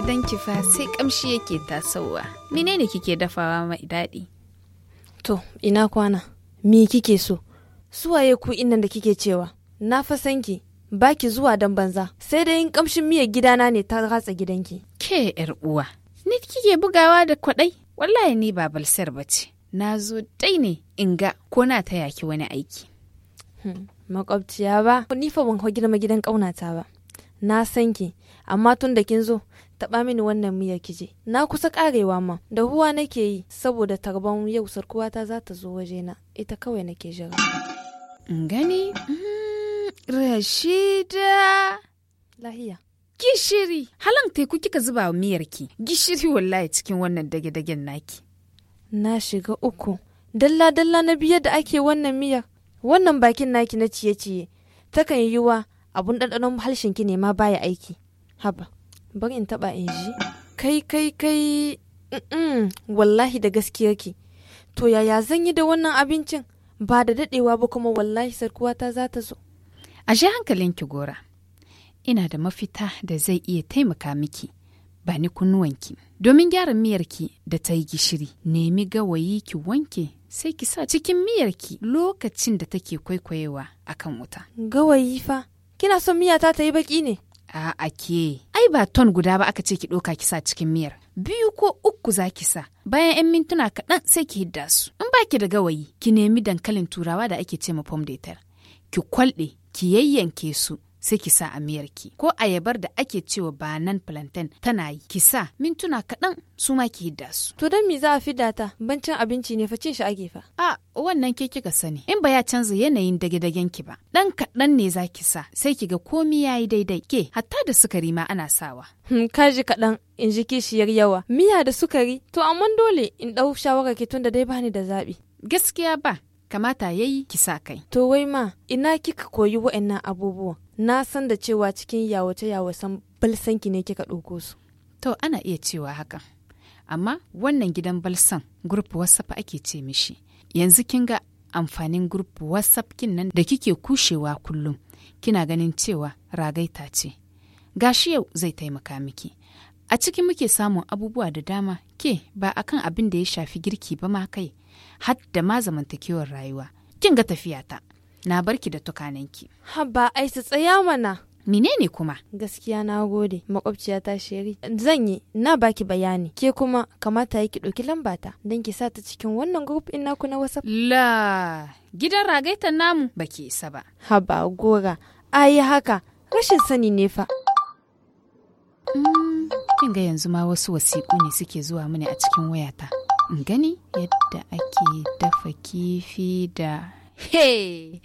gidanki fa sai kamshi yake tasowa. Menene kike dafawa mai daɗi? To, ina kwana, me kike so? Suwaye ku inan da kike cewa, na fa sanki, baki zuwa dan banza, sai dai yin kamshin miyar gidana ne ta ratsa gidanki. Ke ‘yar uwa, ni kike bugawa da kwaɗai? Wallahi ni ba balsar ba ce, na zo dai ne in ga ko na ta yaki wani aiki. Hmm, Makwabciya ba, ni fa ban hau girma gidan ƙaunata ba. Na san ki, amma tun da kin zo taba mini wannan miya kije na kusa karewa ma da huwa nake yi saboda tarban yau sarkuwata za ta zo wajena ita kawai nake jira gani mm, rashida lahiya gishiri halan teku kika zuba wa miyarki gishiri wallahi cikin wannan dage-dagen naki na shiga uku dalla-dalla na biyar da ake wannan miyar wannan bakin naki na ciye-ciye takan yiwa abun ɗanɗanon halshinki ne ma baya aiki haba bari in taba in ji kai kai kai wallahi da gaskiya ke to yaya zan yi da wannan abincin ba da dadewa ba kuma wallahi sarkuwata za ta zo a hankalin ki gora ina da mafita da zai iya taimaka miki ba ni kunnuwanki domin gyara miyarki da ta yi gishiri nemi gawayi ki wanke sai ki sa cikin miyarki lokacin da take kwaikwayewa akan wuta gawayi fa kina son miyata ta yi baki ne a'a ke ai ba ton guda ba aka ce ki ɗoka kisa cikin miyar biyu ko uku za ki sa bayan 'yan mintuna kaɗan sai ki hidda su in ba ki da gawayi ki nemi dankalin turawa da ake ce ma pom ki kwalɗe ki yayyanke su sai ki sa a ki. ko ayabar da ake cewa banan plantain tana yi ki sa mintuna kaɗan su ma ki hidda su. To don me za a fidda ta bancin abinci ne fa cin shi ake fa. A wannan ke kika sani in ba ya canza yanayin dage-dagen ki ba ɗan kaɗan ne za ki sa sai ki ga komi ya yi daidai ke hatta da sukari ma ana sawa. Hmm, kaji kaɗan in ji kishiyar yawa miya da sukari to amma dole in ɗau shawarar ki tun da dai bani da zaɓi. Gaskiya ba kamata ya yi kisa kai. To wai ma ina kika koyi wa'annan abubuwa na san da cewa cikin yawace yawasan balsanki ne kika ɗauko su. To ana iya cewa haka. Amma wannan gidan balsan grup WhatsApp ake ce mishi. Yanzu kin ga amfanin grup WhatsApp kin nan da kike kushewa kullum. Kina ganin cewa ragaita ce. Gashi yau zai taimaka miki. A cikin muke samun abubuwa da dama ke ba a kan abin da ya shafi girki ba ma kai har da ma zamantakewar rayuwa. Kin ga tafiyata. Na barki da tukananki. ai Aisa tsaya mana. Menene kuma? Gaskiya na gode, makwabciya ta shiri. Zan yi, na baki bayani. Ke kuma kamata yake ɗauki lambata don ki sa ta cikin wannan group in naku na WhatsApp. La, gidan ragaitan namu baki isa ba. Haba gora, ayi haka, rashin sani ne fa. Kin ga yanzu ma wasu wasiƙu ne suke zuwa mini a cikin wayata. In gani yadda ake dafa kifi da he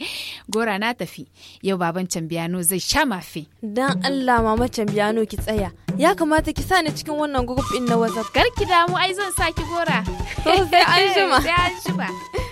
Gora na tafi, yau baban Cambiano zai sha mafi. Dan Allah mama Cambiano ki tsaya, ya kamata ki sa ni cikin wannan group ɗin na WhatsApp. Kar ki damu ai zan sa ki gora. Sai an jima. Sai an